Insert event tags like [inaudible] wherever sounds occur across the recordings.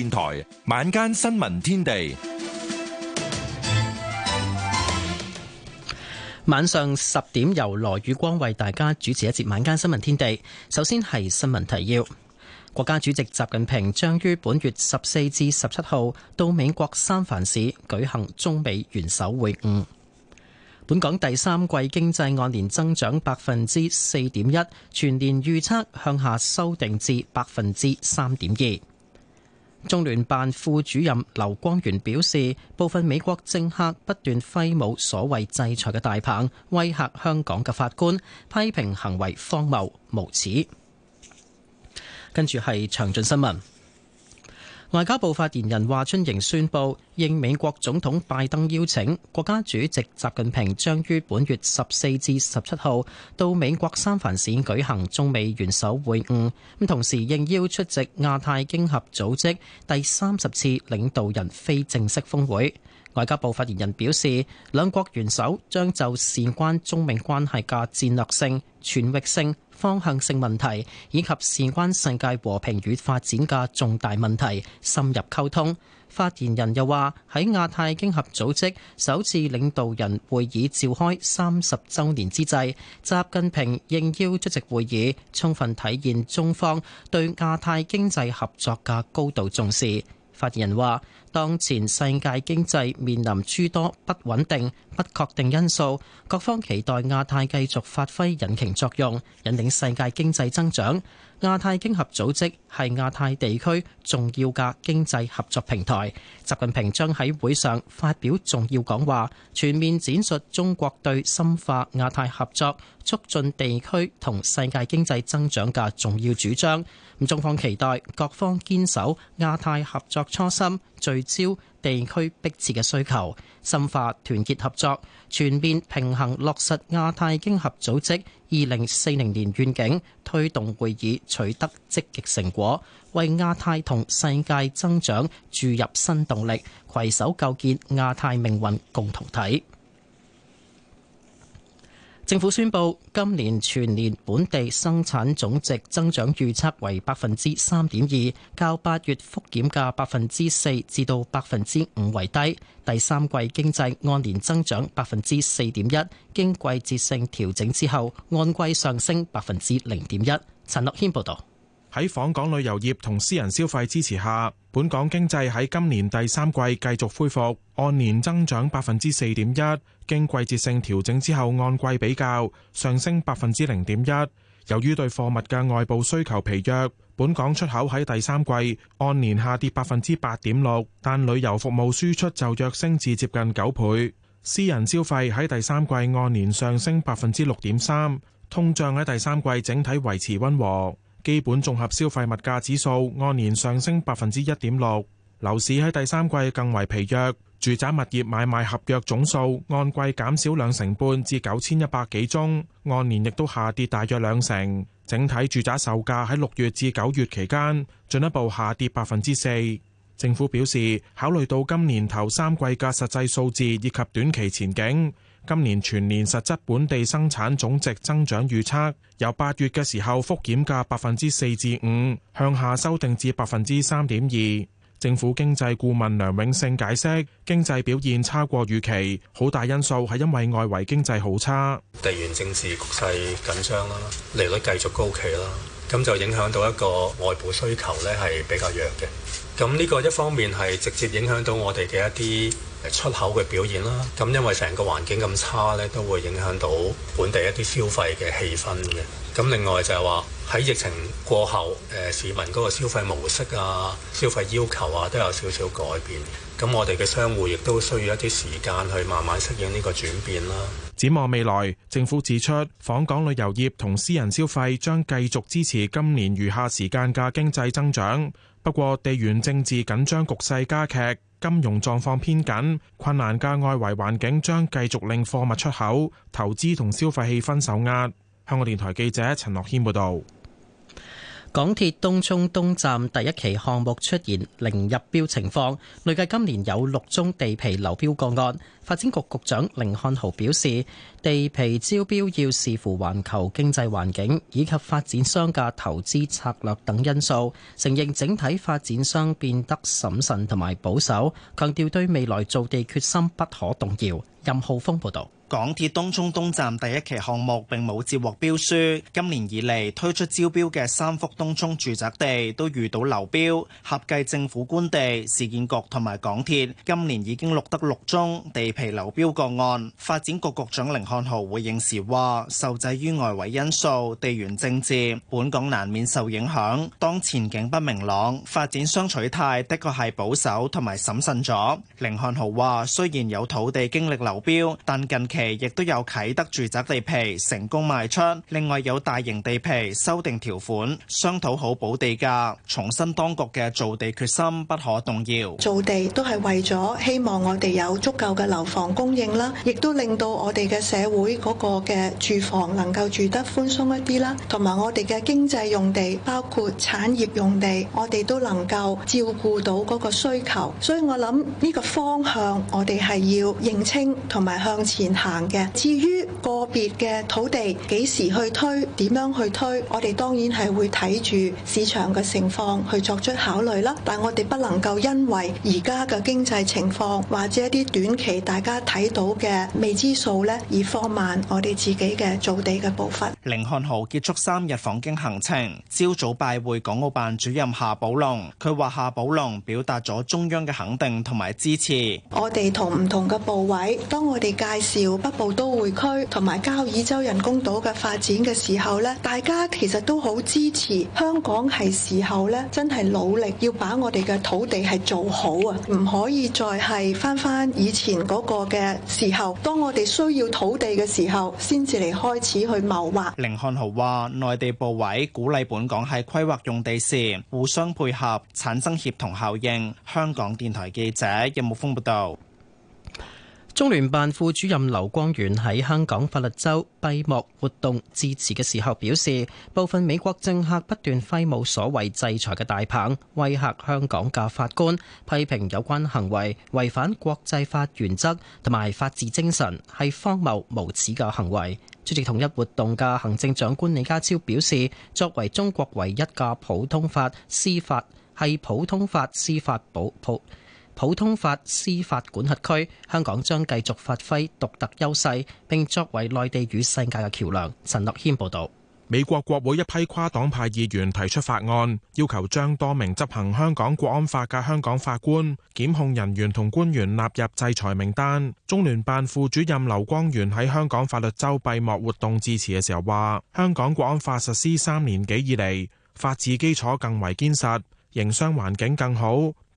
電台晚間新聞天地，晚上十點由羅宇光為大家主持一節晚間新聞天地。首先係新聞提要，國家主席習近平將於本月十四至十七號到美國三藩市舉行中美元首會晤。本港第三季經濟按年增長百分之四點一，全年預測向下修訂至百分之三點二。中聯辦副主任劉光源表示，部分美國政客不斷揮舞所謂制裁嘅大棒，威嚇香港嘅法官，批評行為荒謬無恥。跟住係詳盡新聞。外交部發言人華春瑩宣布，應美國總統拜登邀請，國家主席習近平將於本月十四至十七號到美國三藩市舉行中美元首會晤。咁同時應邀出席亞太經合組織第三十次領導人非正式峰會。外交部發言人表示，兩國元首將就事關中美關係嘅戰略性、全域性，方向性問題以及事關世界和平與發展嘅重大問題深入溝通。發言人又話，喺亞太經合組織首次領導人會議召開三十周年之際，習近平應邀出席會議，充分體現中方對亞太經濟合作嘅高度重視。發言人話，當前世界經濟面臨諸多不穩定、不確定因素，各方期待亞太繼續發揮引擎作用，引領世界經濟增長。亞太經合組織係亞太地區重要嘅經濟合作平台。習近平將喺會上發表重要講話，全面闡述中國對深化亞太合作、促進地區同世界經濟增長嘅重要主張。中方期待各方堅守亞太合作初心，聚焦地區迫切嘅需求，深化團結合作，全面平衡落實亞太經合組織二零四零年願景，推動會議取得積極成果，為亞太同世界增長注入新動力，携手構建亞太命運共同體。政府宣布，今年全年本地生產總值增長預測為百分之三點二，較八月覆檢嘅百分之四至到百分之五為低。第三季經濟按年增長百分之四點一，經季節性調整之後，按季上升百分之零點一。陳樂謙報道。喺訪港旅遊業同私人消費支持下，本港經濟喺今年第三季繼續恢復，按年增長百分之四點一，經季節性調整之後，按季比較上升百分之零點一。由於對貨物嘅外部需求疲弱，本港出口喺第三季按年下跌百分之八點六，但旅遊服務輸出就躍升至接近九倍。私人消費喺第三季按年上升百分之六點三，通脹喺第三季整體維持溫和。基本綜合消費物價指數按年上升百分之一點六，樓市喺第三季更為疲弱，住宅物業買賣合約總數按季減少兩成半至九千一百幾宗，按年亦都下跌大約兩成。整體住宅售價喺六月至九月期間進一步下跌百分之四。政府表示，考慮到今年頭三季嘅實際數字以及短期前景。今年全年實質本地生產總值增長預測，由八月嘅時候覆檢嘅百分之四至五，向下修訂至百分之三點二。政府經濟顧問梁永勝解釋，經濟表現差過預期，好大因素係因為外圍經濟好差，地緣政治局勢緊張啦，利率繼續高企啦，咁就影響到一個外部需求呢係比較弱嘅。咁呢個一方面係直接影響到我哋嘅一啲出口嘅表現啦，咁因為成個環境咁差呢，都會影響到本地一啲消費嘅氣氛嘅。咁另外就係話喺疫情過後，誒市民嗰個消費模式啊、消費要求啊，都有少少改變。咁我哋嘅商戶亦都需要一啲時間去慢慢適應呢個轉變啦。展望未來，政府指出，訪港旅遊業同私人消費將繼續支持今年餘下時間嘅經濟增長。不過，地緣政治緊張局勢加劇。金融狀況偏緊，困難嘅外圍環境將繼續令貨物出口、投資同消費氣氛受壓。香港電台記者陳樂軒報導。港鐵東涌東站第一期項目出現零入標情況，累計今年有六宗地皮流標個案。發展局局長凌漢豪表示，地皮招標要視乎環球經濟環境以及發展商嘅投資策略等因素，承認整體發展商變得審慎同埋保守，強調對未來造地決心不可動搖。任浩峰報道：港鐵東涌東站第一期項目並冇接獲標書。今年以嚟推出招標嘅三幅東涌住宅地都遇到流標，合計政府官地、市建局同埋港鐵今年已經錄得六宗地皮流標個案。發展局局長寧漢豪回應時話：受制於外圍因素、地緣政治，本港難免受影響，當前景不明朗，發展商取態的確係保守同埋審慎咗。寧漢豪話：雖然有土地經歷。投標，但近期亦都有啟德住宅地皮成功賣出。另外有大型地皮修訂條款，商討好補地價，重申當局嘅造地決心不可動搖。造地都係為咗希望我哋有足夠嘅樓房供應啦，亦都令到我哋嘅社會嗰個嘅住房能夠住得寬鬆一啲啦，同埋我哋嘅經濟用地包括產業用地，我哋都能夠照顧到嗰個需求。所以我諗呢個方向，我哋係要認清。同埋向前行嘅。至於個別嘅土地幾時去推、點樣去推，我哋當然係會睇住市場嘅情況去作出考慮啦。但我哋不能夠因為而家嘅經濟情況或者一啲短期大家睇到嘅未知數咧，而放慢我哋自己嘅造地嘅步伐。凌漢豪結束三日訪京行程，朝早拜會港澳辦主任夏寶龍，佢話夏寶龍表達咗中央嘅肯定同埋支持。我哋同唔同嘅部委。當我哋介紹北部都會區同埋交椅洲人工島嘅發展嘅時候咧，大家其實都好支持香港係時候咧，真係努力要把我哋嘅土地係做好啊！唔可以再係返返以前嗰個嘅時候，當我哋需要土地嘅時候，先至嚟開始去謀劃。凌漢豪話：內地部委鼓勵本港喺規劃用地時互相配合，產生協同效應。香港電台記者任木風報道。有中聯辦副主任劉光源喺香港法律週閉幕活動致辭嘅時候表示，部分美國政客不斷揮舞所謂制裁嘅大棒，威嚇香港嘅法官，批評有關行為違反國際法原則同埋法治精神，係荒謬無恥嘅行為。出席同一活動嘅行政長官李家超表示，作為中國唯一嘅普通法司法，係普通法司法保普。普普通法司法管轄區，香港將繼續發揮獨特優勢，並作為內地與世界嘅橋梁。陳樂謙報道。美國國會一批跨黨派議員提出法案，要求將多名執行香港國安法嘅香港法官、檢控人員同官員納入制裁名單，中聯辦副主任劉光源喺香港法律周閉幕活動致辭嘅時候話，香港國安法實施三年幾以嚟，法治基礎更為堅實，營商環境更好。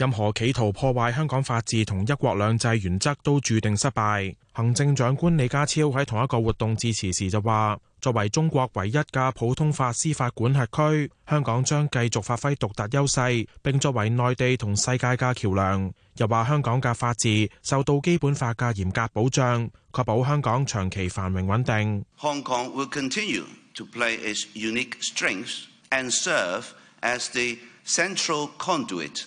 任何企圖破壞香港法治同一國兩制原則都注定失敗。行政長官李家超喺同一個活動致辭時就話，作為中國唯一嘅普通法司法管轄區，香港將繼續發揮獨特優勢，並作為內地同世界嘅橋梁。又話香港嘅法治受到基本法嘅嚴格保障，確保香港長期繁榮穩定。Hong Kong will continue to play its unique strengths and serve as the central conduit.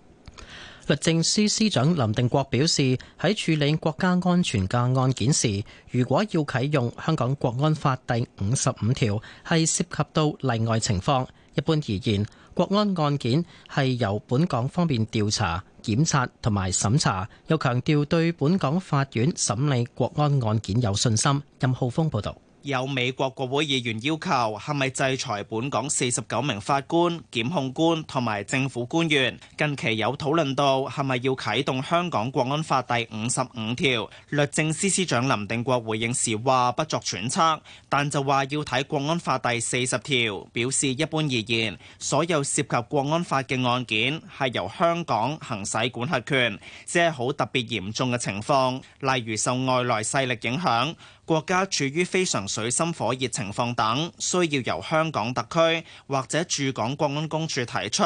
律政司司長林定國表示，喺處理國家安全嘅案件時，如果要啟用香港國安法第五十五條，係涉及到例外情況。一般而言，國安案件係由本港方面調查、檢察同埋審查。又強調對本港法院審理國安案件有信心。任浩峰報道。有美國國會議員要求係咪制裁本港四十九名法官、檢控官同埋政府官員？近期有討論到係咪要啟動香港國安法第五十五條。律政司司長林定國回應時話不作揣測，但就話要睇國安法第四十條，表示一般而言，所有涉及國安法嘅案件係由香港行使管轄權，即係好特別嚴重嘅情況，例如受外來勢力影響。國家處於非常水深火熱情況等，需要由香港特區或者駐港國安公署提出，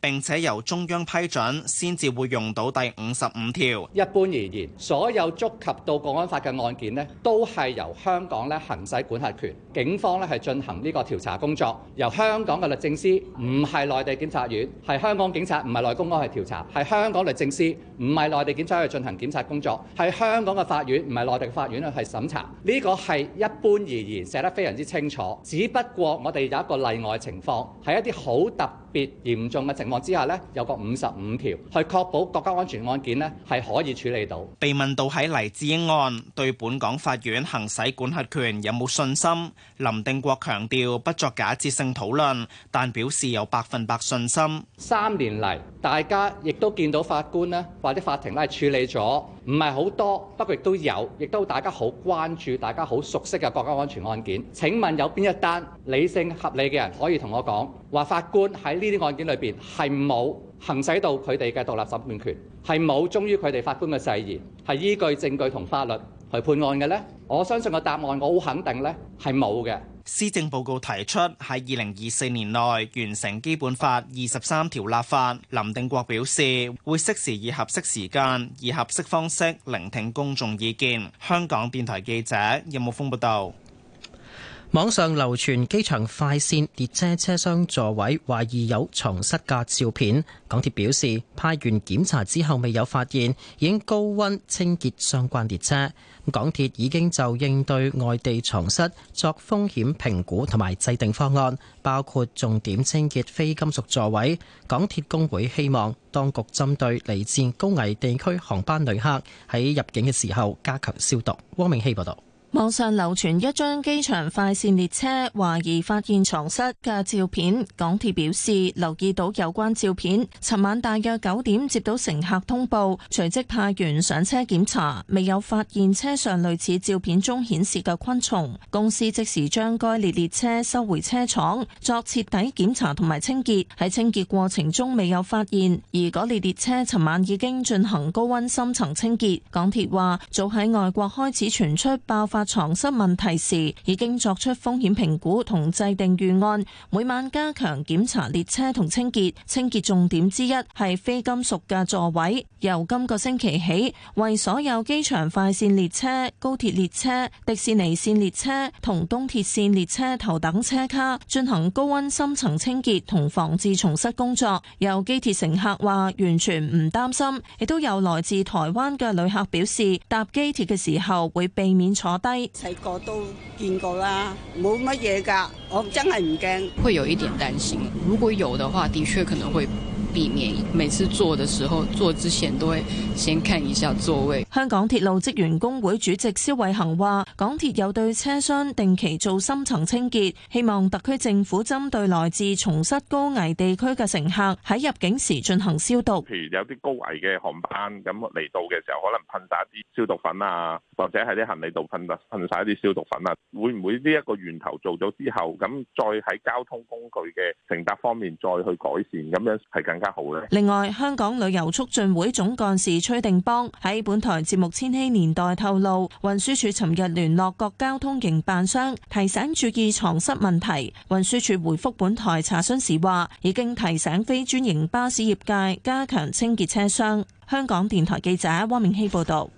並且由中央批准，先至會用到第五十五條。一般而言，所有觸及到國安法嘅案件咧，都係由香港咧行使管轄權，警方咧係進行呢個調查工作，由香港嘅律政司，唔係內地檢察院，係香港警察，唔係內地公安去調查，係香港律政司，唔係內地檢察院去進行檢察工作，係香港嘅法院，唔係內地法院咧，係審查。呢個係一般而言寫得非常之清楚，只不過我哋有一個例外情況，係一啲好特別特別嚴重嘅情況之下咧，有個五十五條去確保國家安全案件咧係可以處理到。被問到喺黎智英案對本港法院行使管轄權有冇信心，林定國強調不作假設性討論，但表示有百分百信心。三年嚟大家亦都見到法官咧，或者法庭咧處理咗唔係好多，不過亦都有，亦都大家好關注、大家好熟悉嘅國家安全案件。請問有邊一單理性合理嘅人可以同我講話法官喺，呢啲案件裏邊係冇行使到佢哋嘅獨立審判權，係冇忠於佢哋法官嘅誓言，係依據證據同法律去判案嘅呢？我相信個答案，我好肯定呢係冇嘅。施政報告提出喺二零二四年內完成基本法二十三條立法。林定國表示會適時以合適時間、以合適方式聆聽公眾意見。香港電台記者任木風報道。網上流傳機場快綫列車車廂座位懷疑有床蝨嘅照片，港鐵表示派員檢查之後未有發現，已經高溫清潔相關列車。港鐵已經就應對外地床蝨作風險評估同埋制定方案，包括重點清潔非金屬座位。港鐵工會希望當局針對嚟自高危地區航班旅客喺入境嘅時候加強消毒。汪明熙報道。網上流傳一張機場快線列車懷疑發現床蝨嘅照片，港鐵表示留意到有關照片，尋晚大約九點接到乘客通報，隨即派員上車檢查，未有發現車上類似照片中顯示嘅昆蟲。公司即時將該列列車收回車廠作徹底檢查同埋清潔，喺清潔過程中未有發現。而嗰列列車尋晚已經進行高温深層清潔。港鐵話早喺外國開始傳出爆發。床蝨問題時，已經作出風險評估同制定預案，每晚加強檢查列車同清潔。清潔重點之一係非金屬嘅座位。由今個星期起，為所有機場快線列車、高鐵列車、迪士尼線列車同東鐵線列車頭等車卡進行高溫深層清潔同防治床蝨工作。有機鐵乘客話完全唔擔心，亦都有來自台灣嘅旅客表示搭機鐵嘅時候會避免坐單細個都見過啦，冇乜嘢噶，我真係唔驚。會有一點擔心，如果有的話，的確可能會。避免每次坐的時候，坐之前都會先看一下座位。香港鐵路職員工會主席蕭偉恒話，港鐵有對車廂定期做深層清潔，希望特區政府針對來自重室高危地區嘅乘客喺入境時進行消毒。譬如有啲高危嘅航班，咁嚟到嘅時候，可能噴灑啲消毒粉啊，或者喺啲行李度噴噴晒啲消毒粉啊，會唔會呢一個源頭做咗之後，咁再喺交通工具嘅乘搭方面再去改善，咁樣係更加。另外，香港旅遊促進會總幹事崔定邦喺本台節目《千禧年代》透露，運輸署尋日聯絡各交通營辦商，提醒注意床蝨問題。運輸署回覆本台查詢時話，已經提醒非專營巴士業界加強清潔車廂。香港電台記者汪明熙報導。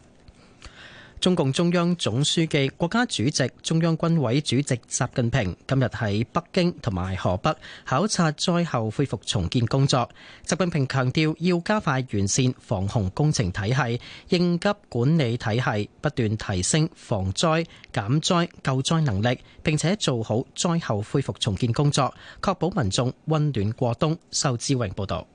中共中央總書記、國家主席、中央軍委主席習近平今日喺北京同埋河北考察災後恢復重建工作。習近平強調要加快完善防洪工程體系、應急管理體系，不斷提升防災、減災、救災能力，並且做好災後恢復重建工作，確保民眾溫暖過冬。仇志榮報道。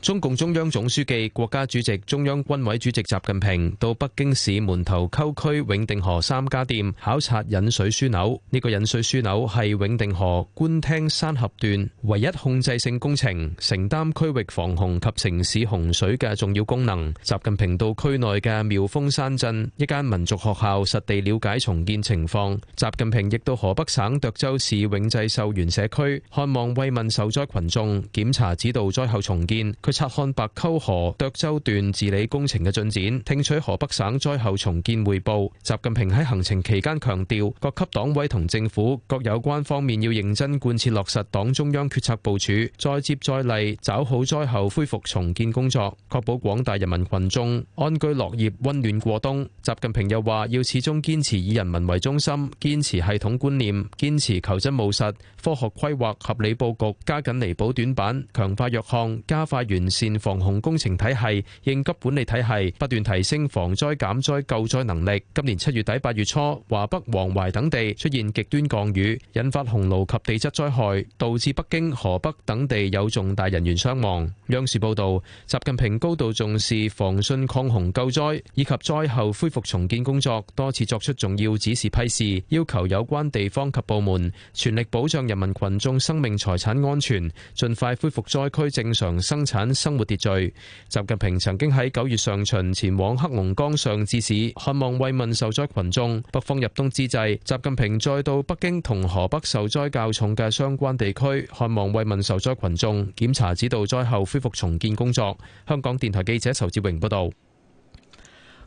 中共中央總書記、國家主席、中央軍委主席習近平到北京市門頭溝區永定河三家店考察引水樞紐，呢、這個引水樞紐係永定河官廳山峽段唯一控制性工程，承擔區域防洪及城市洪水嘅重要功能。習近平到區內嘅妙峰山鎮一間民族學校實地了解重建情況。習近平亦到河北省涿州市永濟秀園社區看望慰問受災群眾，檢查指導災後重建。去察看白溝河涿州段治理工程嘅進展，聽取河北省災後重建匯報。習近平喺行程期間強調，各級黨委同政府、各有關方面要認真貫徹落實黨中央決策部署，再接再厲，抓好災後恢復重建工作，確保廣大人民群眾安居樂業、溫暖過冬。習近平又話，要始終堅持以人民為中心，堅持系統觀念，堅持求真務實、科學規劃、合理布局，加緊彌補短板，強化弱項，加快完。完善防洪工程體系、應急管理體系，不斷提升防災減災救災能力。今年七月底八月初，華北、黃淮等地出現極端降雨，引發洪澇及地質災害，導致北京、河北等地有重大人員傷亡。央視報道，習近平高度重視防汛抗洪救災以及災後恢復重建工作，多次作出重要指示批示，要求有關地方及部門全力保障人民群眾生命財產安全，盡快恢復災區正常生產。生活秩序。習近平曾經喺九月上旬前往黑龍江尚志市，看望慰問受災群眾。北方入冬之際，習近平再到北京同河北受災較重嘅相關地區，看望慰問受災群眾，檢查指導災後恢復重建工作。香港電台記者仇志榮報道。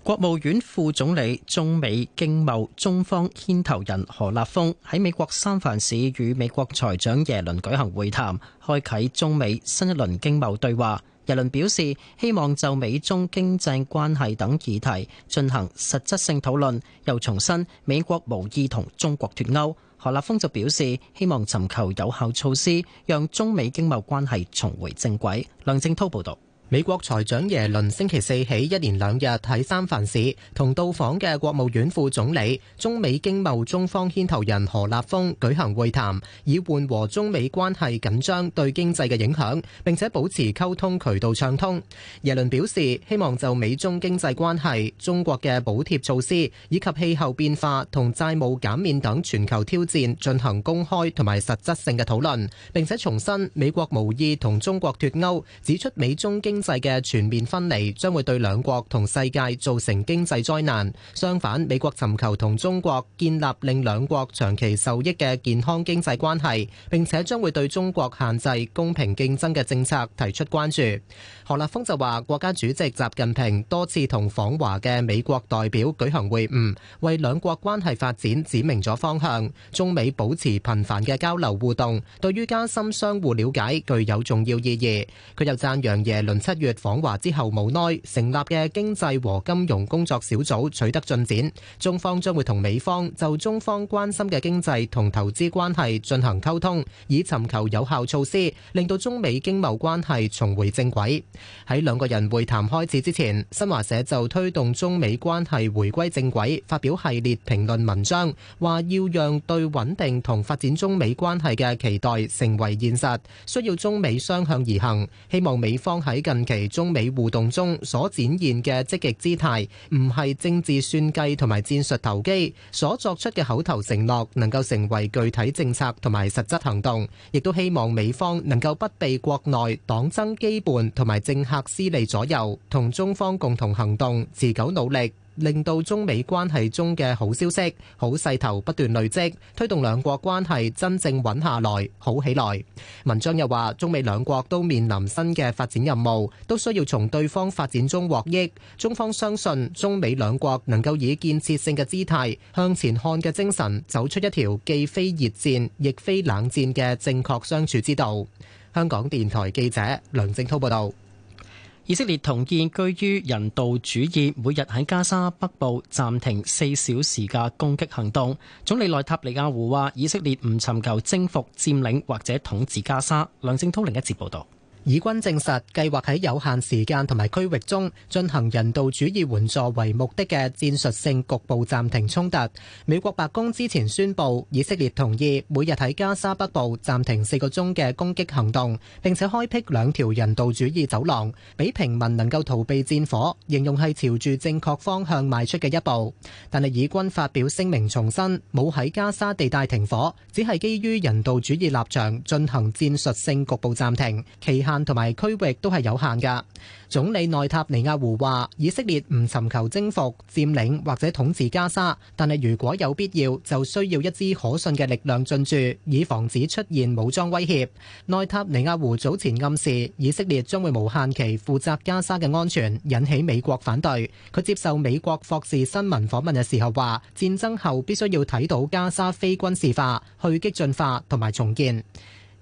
國務院副總理中美經貿中方牽頭人何立峰喺美國三藩市與美國財長耶倫舉行會談，開啟中美新一輪經貿對話。耶倫表示希望就美中經濟關係等議題進行實質性討論，又重申美國無意同中國脱鈎。何立峰就表示希望尋求有效措施，讓中美經貿關係重回正軌。梁正濤報道。美國財長耶倫星期四起一連兩日喺三藩市同到訪嘅國務院副總理、中美經貿中方牽頭人何立峰舉行會談，以緩和中美關係緊張對經濟嘅影響，並且保持溝通渠道暢通。耶倫表示希望就美中經濟關係、中國嘅補貼措施以及氣候變化同債務減免等全球挑戰進行公開同埋實質性嘅討論，並且重申美國無意同中國脱歐，指出美中經制嘅全面分離將會對兩國同世界造成經濟災難。相反，美國尋求同中國建立令兩國長期受益嘅健康經濟關係，並且將會對中國限制公平競爭嘅政策提出關注。何立峯就話：國家主席習近平多次同訪華嘅美國代表舉行會晤，為兩國關係發展指明咗方向。中美保持頻繁嘅交流互動，對於加深相互瞭解具有重要意義。佢又讚揚耶倫。七月訪華之後，無奈成立嘅經濟和金融工作小組取得進展，中方將會同美方就中方關心嘅經濟同投資關係進行溝通，以尋求有效措施，令到中美經貿關係重回正軌。喺兩個人會談開始之前，新華社就推動中美關係回歸正軌發表系列評論文章，話要讓對穩定同發展中美關係嘅期待成為現實，需要中美雙向而行。希望美方喺近期中美互動中所展現嘅積極姿態，唔係政治算計同埋戰術投機所作出嘅口頭承諾，能夠成為具體政策同埋實質行動，亦都希望美方能夠不被國內黨爭羈絆同埋政客私利左右，同中方共同行動，持久努力。令到中美關係中嘅好消息、好勢頭不斷累積，推動兩國關係真正穩下來、好起來。文章又話，中美兩國都面臨新嘅發展任務，都需要從對方發展中獲益。中方相信，中美兩國能夠以建設性嘅姿態、向前看嘅精神，走出一條既非熱戰亦非冷戰嘅正確相處之道。香港電台記者梁靜濤報道。以色列同意居於人道主義，每日喺加沙北部暫停四小時嘅攻擊行動。總理內塔尼亞胡話：以色列唔尋求征服、佔領或者統治加沙。梁正滔另一次報道。以軍證實計劃喺有限時間同埋區域中進行人道主義援助為目的嘅戰術性局部暫停衝突。美國白宮之前宣布，以色列同意每日喺加沙北部暫停四個鐘嘅攻擊行動，並且開闢兩條人道主義走廊，俾平民能夠逃避戰火，形容係朝住正確方向邁出嘅一步。但係以軍發表聲明重申，冇喺加沙地帶停火，只係基於人道主義立場進行戰術性局部暫停。其後，同埋區域都係有限㗎。總理內塔尼亞胡話：以色列唔尋求征服、佔領或者統治加沙，但係如果有必要，就需要一支可信嘅力量進駐，以防止出現武裝威脅。內塔尼亞胡早前暗示，以色列將會無限期負責加沙嘅安全，引起美國反對。佢接受美國霍士新聞訪問嘅時候話：戰爭後必須要睇到加沙非軍事化、去激進化同埋重建。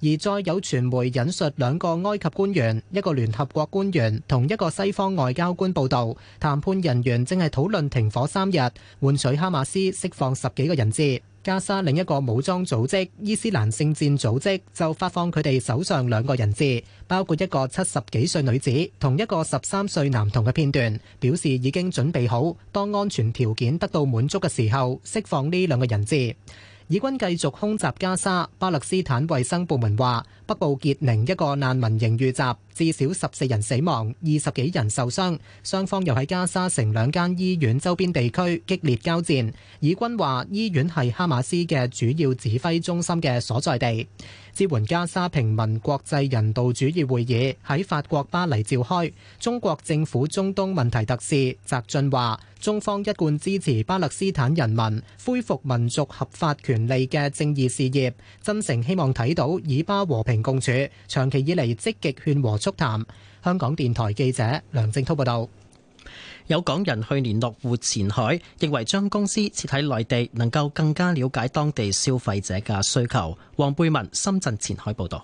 而再有傳媒引述兩個埃及官員、一個聯合國官員、同一個西方外交官報導，談判人員正係討論停火三日，換取哈馬斯釋放十幾個人質。加沙另一個武裝組織伊斯蘭聖戰組織就發放佢哋手上兩個人質，包括一個七十幾歲女子同一個十三歲男童嘅片段，表示已經準備好，當安全條件得到滿足嘅時候釋放呢兩個人質。以軍繼續空襲加沙，巴勒斯坦衛生部門話，北部傑寧一個難民營遇襲。至少十四人死亡，二十幾人受傷。雙方又喺加沙城兩間醫院周邊地區激烈交戰。以軍話醫院係哈馬斯嘅主要指揮中心嘅所在地。支援加沙平民國際人道主義會議喺法國巴黎召開。中國政府中東問題特使翟俊話：中方一貫支持巴勒斯坦人民恢復民族合法權利嘅正義事業，真誠希望睇到以巴和平共處。長期以嚟積極勸和。速談，香港電台記者梁正濤報道，有港人去年落戶前海，認為將公司設喺內地，能夠更加了解當地消費者嘅需求。黃貝文，深圳前海報道。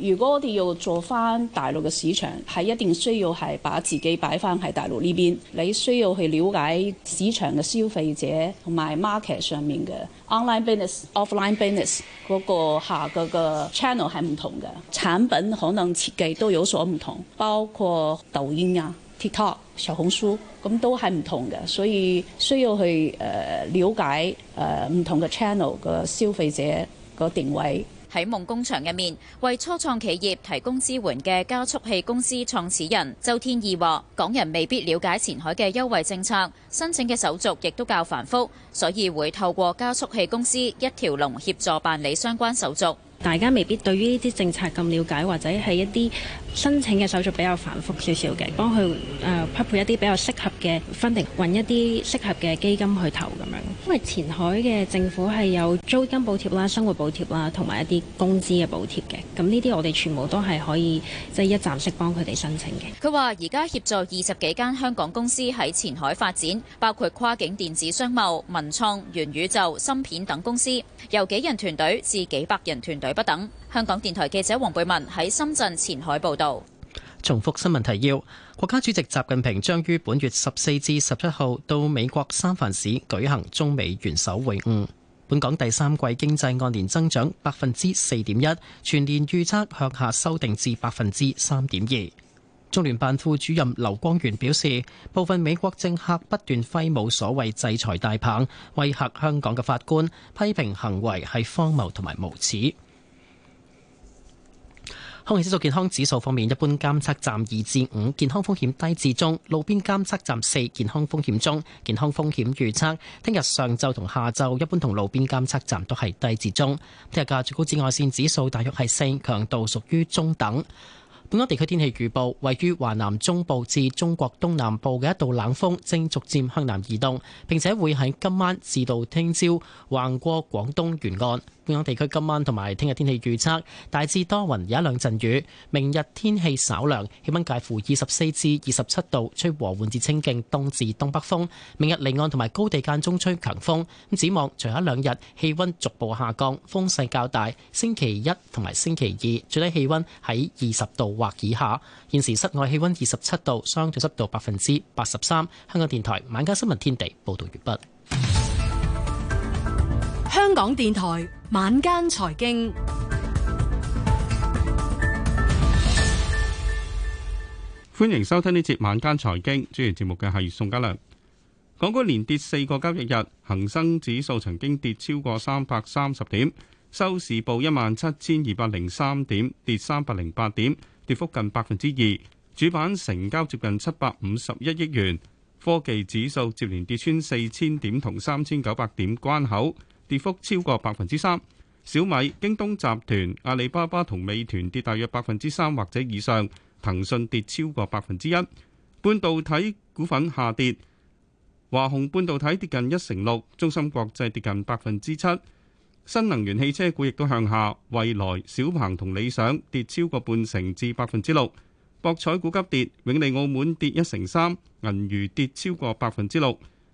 如果我哋要做翻大陸嘅市場，係一定需要係把自己擺翻喺大陸呢邊。你需要去了解市場嘅消費者同埋 market 上面嘅 online business、offline business 嗰個下嗰個 channel 係唔同嘅，產品可能設計都有所唔同，包括抖音啊、TikTok、小紅書咁都係唔同嘅，所以需要去誒了解誒唔同嘅 channel 嘅消費者個定位。喺夢工場入面，為初創企業提供支援嘅加速器公司創始人周天義話：港人未必了解前海嘅優惠政策，申請嘅手續亦都較繁複，所以會透過加速器公司一條龍協助辦理相關手續。大家未必對於呢啲政策咁了解，或者係一啲。申請嘅手續比較繁複少少嘅，幫佢誒匹配一啲比較適合嘅分定，揾一啲適合嘅基金去投咁樣。因為前海嘅政府係有租金補貼啦、生活補貼啦，同埋一啲工資嘅補貼嘅，咁呢啲我哋全部都係可以即係、就是、一站式幫佢哋申請嘅。佢話而家協助二十幾間香港公司喺前海發展，包括跨境電子商貿、文創、元宇宙、芯片等公司，由幾人團隊至幾百人團隊不等。香港電台記者黃貝文喺深圳前海報道。重複新聞提要：國家主席習近平將於本月十四至十七號到美國三藩市舉行中美元首會晤。本港第三季經濟按年增長百分之四點一，全年預測向下修訂至百分之三點二。中聯辦副主任劉光源表示，部分美國政客不斷揮舞所謂制裁大棒，威吓香港嘅法官，批評行為係荒謬同埋無恥。空氣質素指數健康指數方面，一般監測站二至五，健康風險低至中；路邊監測站四，健康風險中。健康風險預測，聽日上晝同下晝，一般同路邊監測站都係低至中。聽日嘅最高紫外線指數大約係四，強度屬於中等。本港地區天氣預報，位於華南中部至中國東南部嘅一道冷鋒正逐漸向南移動，並且會喺今晚至到聽朝橫過廣東沿岸。本港地區今晚同埋聽日天氣預測，大致多雲，有一兩陣雨，明日天氣稍涼，氣溫介乎二十四至二十七度，吹和緩至清勁東至東北風。明日離岸同埋高地間中吹強風。咁展望除一兩，除咗兩日氣溫逐步下降，風勢較大，星期一同埋星期二最低氣溫喺二十度或以下。現時室外氣溫二十七度，相對濕度百分之八十三。香港電台晚間新聞天地報道完畢。香港電台晚間財經，歡迎收聽呢節晚間財經。主持節目嘅係宋嘉良。港股連跌四個交易日，恒生指數曾經跌超過三百三十點，收市報一萬七千二百零三點，跌三百零八點，跌幅近百分之二。主板成交接近七百五十一億元。科技指數接連跌穿四千點同三千九百點關口。跌幅超過百分之三，小米、京東集團、阿里巴巴同美團跌大約百分之三或者以上，騰訊跌超過百分之一。半導體股份下跌，華虹半導體跌近一成六，中芯國際跌近百分之七。新能源汽車股亦都向下，蔚來、小鵬同理想跌超過半成至百分之六。博彩股急跌，永利澳門跌一成三，銀娛跌超過百分之六。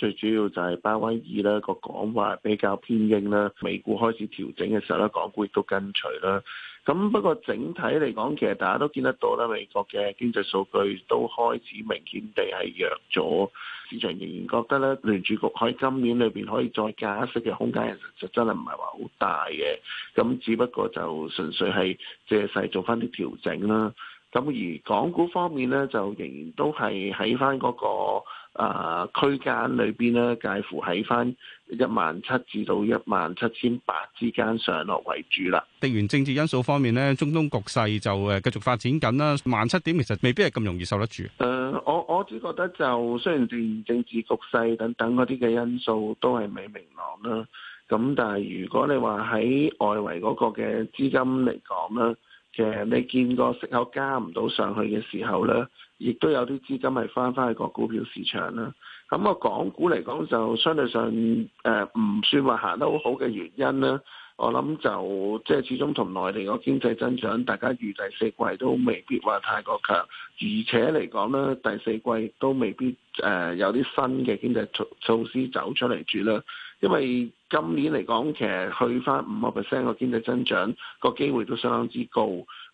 最主要就係鮑威爾咧個講話比較偏鷹啦，美股開始調整嘅時候咧，港股亦都跟隨啦。咁不過整體嚟講，其實大家都見得到啦，美國嘅經濟數據都開始明顯地係弱咗，市場仍然覺得咧聯儲局喺今年裏邊可以再加息嘅空間，其實真係唔係話好大嘅。咁只不過就純粹係借勢做翻啲調整啦。咁而港股方面咧，就仍然都係喺翻嗰個呃、區間裏邊咧，介乎喺翻一萬七至到一萬七千八之間上落為主啦。地緣政治因素方面咧，中東局勢就誒繼續發展緊啦。萬七點其實未必係咁容易受得住。誒、呃，我我只覺得就雖然地緣政治局勢等等嗰啲嘅因素都係未明朗啦，咁但係如果你話喺外圍嗰個嘅資金嚟講咧。嘅，你見個息口加唔到上去嘅時候咧，亦都有啲資金係翻返去個股票市場啦。咁、嗯、個港股嚟講就相對上，誒、呃、唔算話行得好好嘅原因咧，我諗就即係始終同內地個經濟增長，大家預計第四季都未必話太過強，而且嚟講咧第四季都未必誒、呃、有啲新嘅經濟措措施走出嚟住啦。因為今年嚟講，其實去翻五個 percent 個經濟增長個機會都相當之高，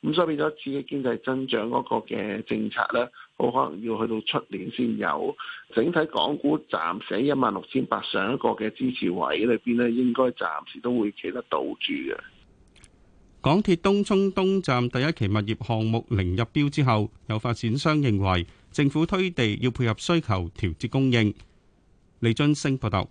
咁所以變咗刺激經濟增長嗰個嘅政策咧，好可能要去到出年先有。整體港股暫時喺一萬六千八上一個嘅支持位裏邊呢，應該暫時都會企得到住嘅。港鐵東涌東站第一期物業項目零入標之後，有發展商認為政府推地要配合需求，調節供應。李津升報道。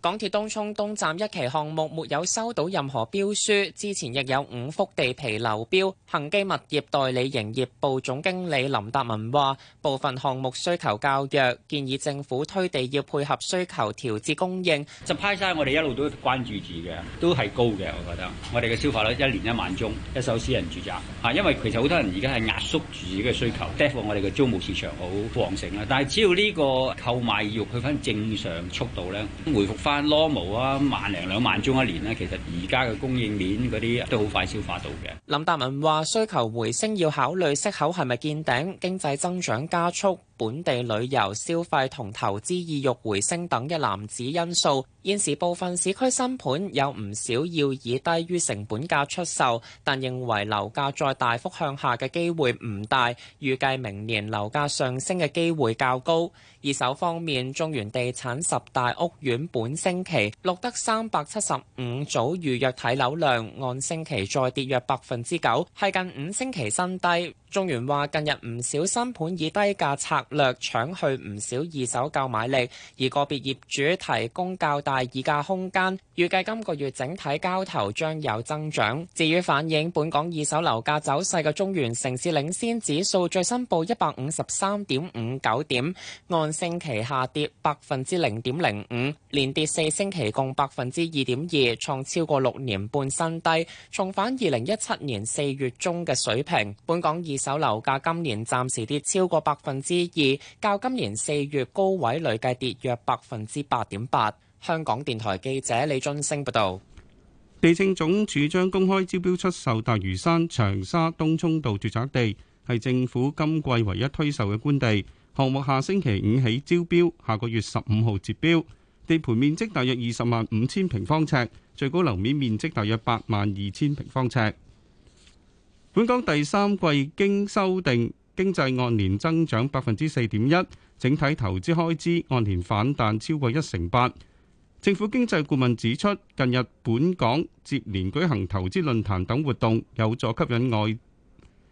港鐵東涌東站一期項目沒有收到任何標書，之前亦有五幅地皮流標。恒基物業代理營業部總經理林達文話：部分項目需求較弱，建議政府推地要配合需求調節供應。就派晒我哋一路都關注住嘅，都係高嘅。我覺得我哋嘅消化率一年一萬宗，一手私人住宅嚇，因為其實好多人而家係壓縮住自己嘅需求。包括我哋嘅租務市場好旺盛啦，但係只要呢個購買意欲去翻正常速度咧，回覆翻翻攞毛啊，萬零兩萬宗一年咧，其實而家嘅供應鏈嗰啲都好快消化到嘅。林達文話需求回升要考慮息口係咪見頂，經濟增長加速。本地旅遊消費同投資意欲回升等嘅男子因素，現時部分市區新盤有唔少要以低於成本價出售，但認為樓價再大幅向下嘅機會唔大，預計明年樓價上升嘅機會較高。二手方面，中原地產十大屋苑本星期錄得三百七十五組預約睇樓量，按星期再跌約百分之九，係近五星期新低。中原話：近日唔少新盤以低價策略搶去唔少二手購買力，而個別業主提供較大議價空間。預計今個月整體交投將有增長。至於反映本港二手樓價走勢嘅中原城市領先指數最新報一百五十三點五九點，按星期下跌百分之零點零五，連跌四星期共百分之二點二，創超過六年半新低，重返二零一七年四月中嘅水平。本港二手樓價今年暫時跌超過百分之二，較今年四月高位累計跌約百分之八點八。香港電台記者李津升報道。地政總署將公開招標出售大嶼山長沙東涌道住宅地，係政府今季唯一推售嘅官地。項目下星期五起招標，下個月十五號截標。地盤面積大約二十萬五千平方尺，最高樓面面積大約八萬二千平方尺。本港第三季經修訂經濟按年增長百分之四點一，整體投資開支按年反彈超過一成八。政府經濟顧問指出，近日本港接連舉行投資論壇等活動，有助吸引外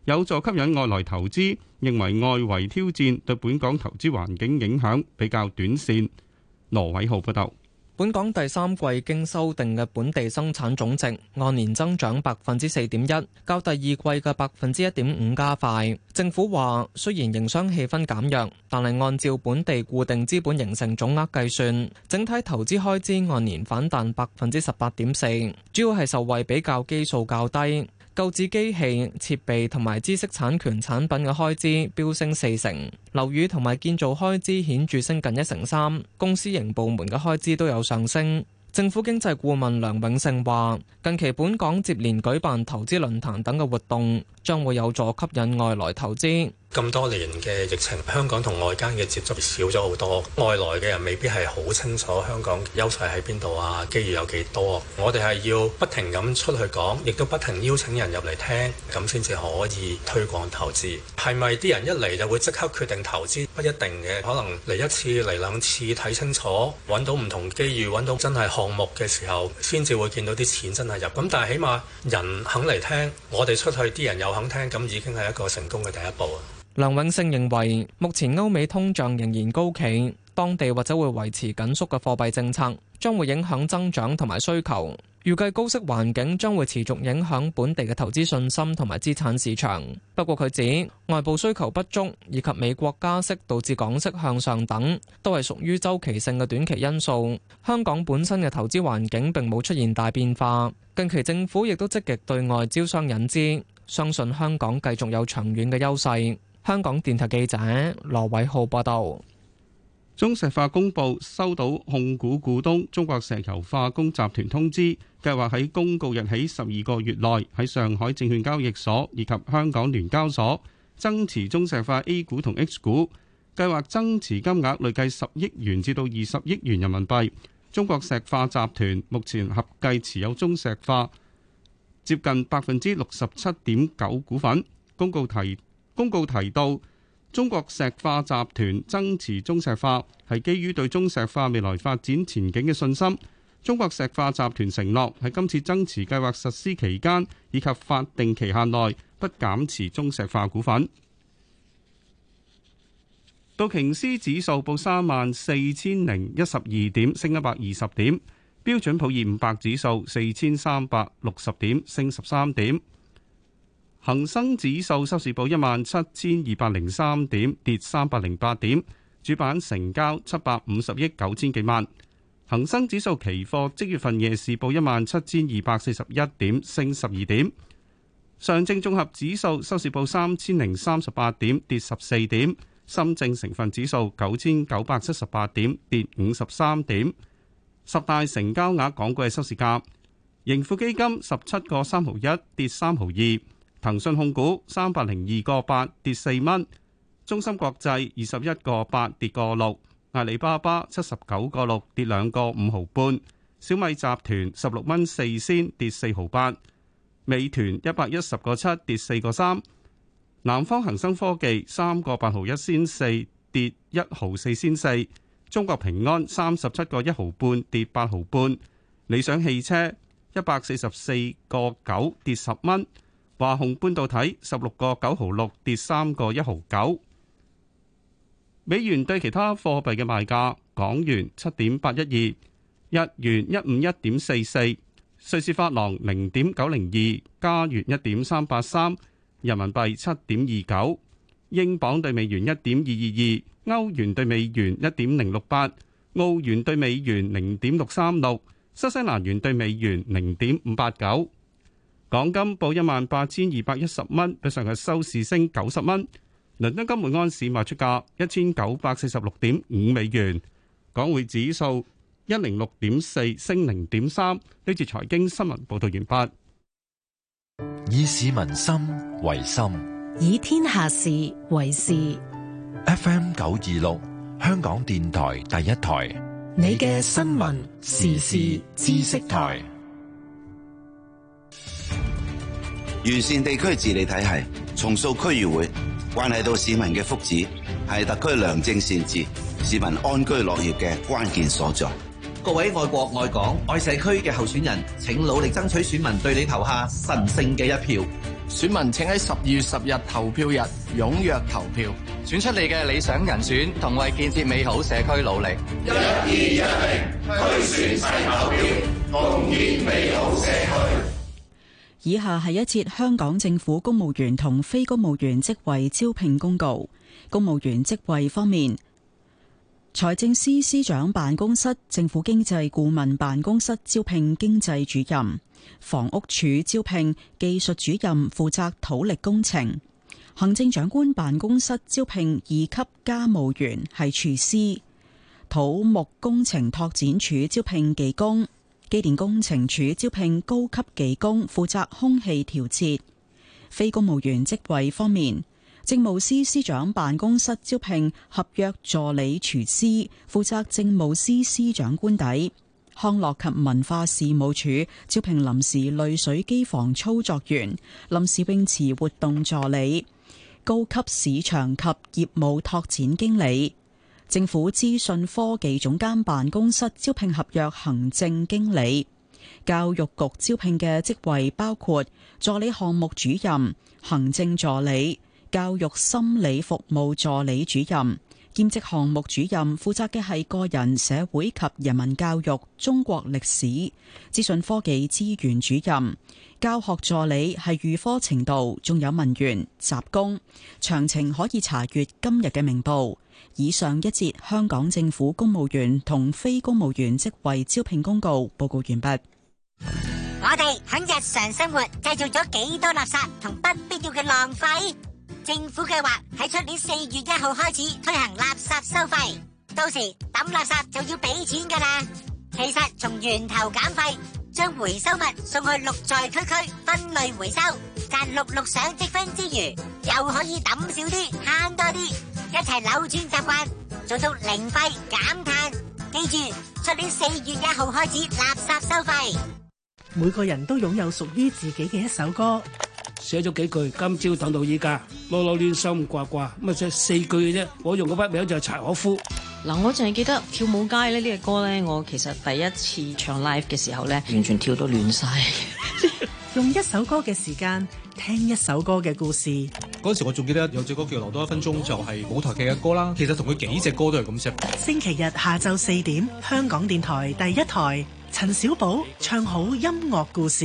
有助吸引外來投資，認為外圍挑戰對本港投資環境影響比較短線。羅偉浩報道。本港第三季經修訂嘅本地生產總值按年增長百分之四點一，較第二季嘅百分之一點五加快。政府話，雖然營商氣氛減弱，但係按照本地固定資本形成總額計算，整體投資開支按年反彈百分之十八點四，主要係受惠比較基數較低。購置機器設備同埋知識產權產品嘅開支飆升四成，樓宇同埋建造開支顯著升近一成三，公司營部門嘅開支都有上升。政府經濟顧問梁永勝話，近期本港接連舉辦投資論壇等嘅活動。將會有助吸引外來投資。咁多年嘅疫情，香港同外間嘅接觸少咗好多，外來嘅人未必係好清楚香港優勢喺邊度啊，機遇有幾多？我哋係要不停咁出去講，亦都不停邀請人入嚟聽，咁先至可以推廣投資。係咪啲人一嚟就會即刻決定投資？不一定嘅，可能嚟一次嚟兩次睇清楚，揾到唔同機遇，揾到真係項目嘅時候，先至會見到啲錢真係入。咁但係起碼人肯嚟聽，我哋出去啲人有。講聽咁已經係一個成功嘅第一步。梁永勝認為，目前歐美通脹仍然高企，當地或者會維持緊縮嘅貨幣政策，將會影響增長同埋需求。預計高息環境將會持續影響本地嘅投資信心同埋資產市場。不過，佢指外部需求不足以及美國加息導致港息向上等，都係屬於週期性嘅短期因素。香港本身嘅投資環境並冇出現大變化。近期政府亦都積極對外招商引資。相信香港繼續有長遠嘅優勢。香港電台記者羅偉浩報道，中石化公布收到控股股東中國石油化工集團通知，計劃喺公告日起十二個月內喺上海證券交易所以及香港聯交所增持中石化 A 股同 H 股，計劃增持金額累計十億元至到二十億元人民幣。中國石化集團目前合計持有中石化。接近百分之六十七點九股份，公告提公告提到，中國石化集團增持中石化，係基於對中石化未來發展前景嘅信心。中國石化集團承諾喺今次增持計劃實施期間以及法定期限內，不減持中石化股份。道瓊斯指數報三萬四千零一十二點，升一百二十點。標準普爾五百指數四千三百六十點，升十三點，恒生指數收市報一萬七千二百零三點，跌三百零八點，主板成交七百五十億九千幾萬，恒生指數期貨即月份夜市報一萬七千二百四十一點，升十二點，上證綜合指數收市報三千零三十八點，跌十四點，深證成分指數九千九百七十八點，跌五十三點。十大成交額港股嘅收市價，盈富基金十七個三毫一跌三毫二，騰訊控股三百零二個八跌四蚊，中芯國際二十一個八跌個六，阿里巴巴七十九個六跌兩個五毫半，小米集團十六蚊四先跌四毫八，美團一百一十個七跌四個三，南方恒生科技三個八毫一先四跌一毫四先四。中國平安三十七個一毫半跌八毫半，理想汽車一百四十四個九跌十蚊，華虹半導體十六個九毫六跌三個一毫九。美元對其他貨幣嘅賣價：港元七點八一二，日元一五一點四四，瑞士法郎零點九零二，加元一點三八三，人民幣七點二九，英鎊對美元一點二二二。歐元兌美元一點零六八，澳元兌美元零點六三六，新西蘭元兌美元零點五八九。港金報一萬八千二百一十蚊，比上日收市升九十蚊。倫敦金每安士賣出價一千九百四十六點五美元。港匯指數一零六點四升零點三。呢次財經新聞報道完畢。以市民心為心，以天下事為事。FM 九二六，香港電台第一台。你嘅新聞時事知識台。完善地區治理體系，重塑區議會，關係到市民嘅福祉，係特區良政善治、市民安居樂業嘅關鍵所在。各位愛國愛港愛社區嘅候選人，請努力爭取選民對你投下神聖嘅一票。選民請喺十二月十日投票日踴躍投票，選出你嘅理想人選，同為建設美好社區努力。一二一零推選細投票，共建美好社區。以下係一節香港政府公務員同非公務員職位招聘公告。公務員職位方面。財政司司長辦公室政府經濟顧問辦公室招聘經濟主任，房屋署招聘技術主任負責土力工程，行政長官辦公室招聘二級家務員係廚師，土木工程拓展署招聘技工，機電工程署招聘高級技工負責空氣調節。非公務員職位方面。政務司司長辦公室招聘合約助理廚師，負責政務司司長官邸。康樂及文化事務署招聘臨時濾水機房操作員、臨時泳池活動助理、高級市場及業務拓展經理。政府資訊科技總監辦公室招聘合約行政經理。教育局招聘嘅職位包括助理項目主任、行政助理。教育心理服務助理主任、兼職項目主任，負責嘅係個人、社會及人民教育、中國歷史，資訊科技資源主任、教學助理係預科程度，仲有文員、雜工。詳情可以查閱今日嘅明報。以上一節香港政府公務員同非公務員職位招聘公告報告完畢。我哋喺日常生活製造咗幾多垃圾同不必要嘅浪費？政府計劃喺出年四月一號開始推行垃圾收費，到時揼垃圾就要俾錢㗎喇。其實從源頭減廢，將回收物送去綠在區區分類回收，賺綠綠賞積分之餘，又可以揼少啲慳多啲，一齊扭轉習慣，做到零廢減碳。記住，出年四月一號開始垃圾收費。每個人都擁有屬於自己嘅一首歌。寫咗幾句，今朝等到依家，攞攞亂心掛掛，咁啊寫四句嘅啫。我用嘅筆名就係、柴可夫。嗱、啊，我淨係記得跳舞街呢隻歌咧，我其實第一次唱 live 嘅時候咧，完全跳到亂晒。 [laughs] 用一首歌嘅時間聽一首歌嘅故事。嗰時我仲記得有隻歌叫《留多一分鐘》，就係舞台劇嘅歌啦。其實同佢幾隻歌都係咁寫。 [music] 星期日下晝四點，香港電台，台第一台，陳小寶唱好音樂故事。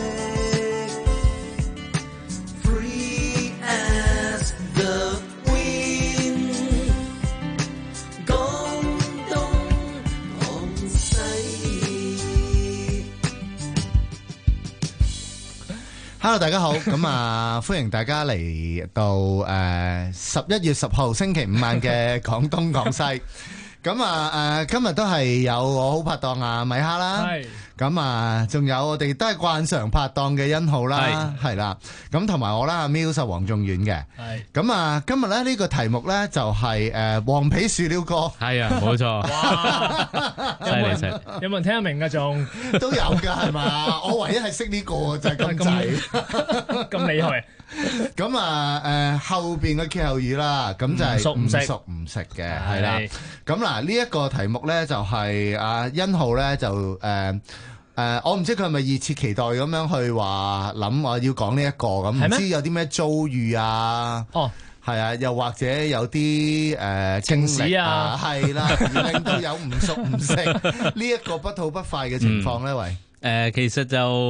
Hello，大家好，咁啊，歡迎大家嚟到誒十一月十號星期五晚嘅廣東廣西，咁啊誒，今日都係有我好拍檔啊，米哈啦。咁啊，仲有我哋都係慣常拍檔嘅恩浩啦，係啦是，咁同埋我啦，阿 Miu 黃仲遠嘅，係咁啊，今日咧呢個題目咧就係誒黃皮樹了哥。係啊，冇錯，有冇人聽得明噶仲都有噶係嘛？ [laughs] 我唯一係識呢、呢個就係、是、金仔，咁 [laughs] 厲害。咁啊，誒，後邊嘅歇後語啦，咁就係唔熟唔識嘅，係啦。咁嗱，呢一個題目咧就係阿殷浩咧就誒誒，我唔知佢係咪熱切期待咁樣去話諗我要講呢一個咁，唔知有啲咩遭遇啊？哦，係啊，又或者有啲誒，情史啊，係啦，令到有唔熟唔識呢一個不吐不快嘅情況咧，喂，誒，其實就。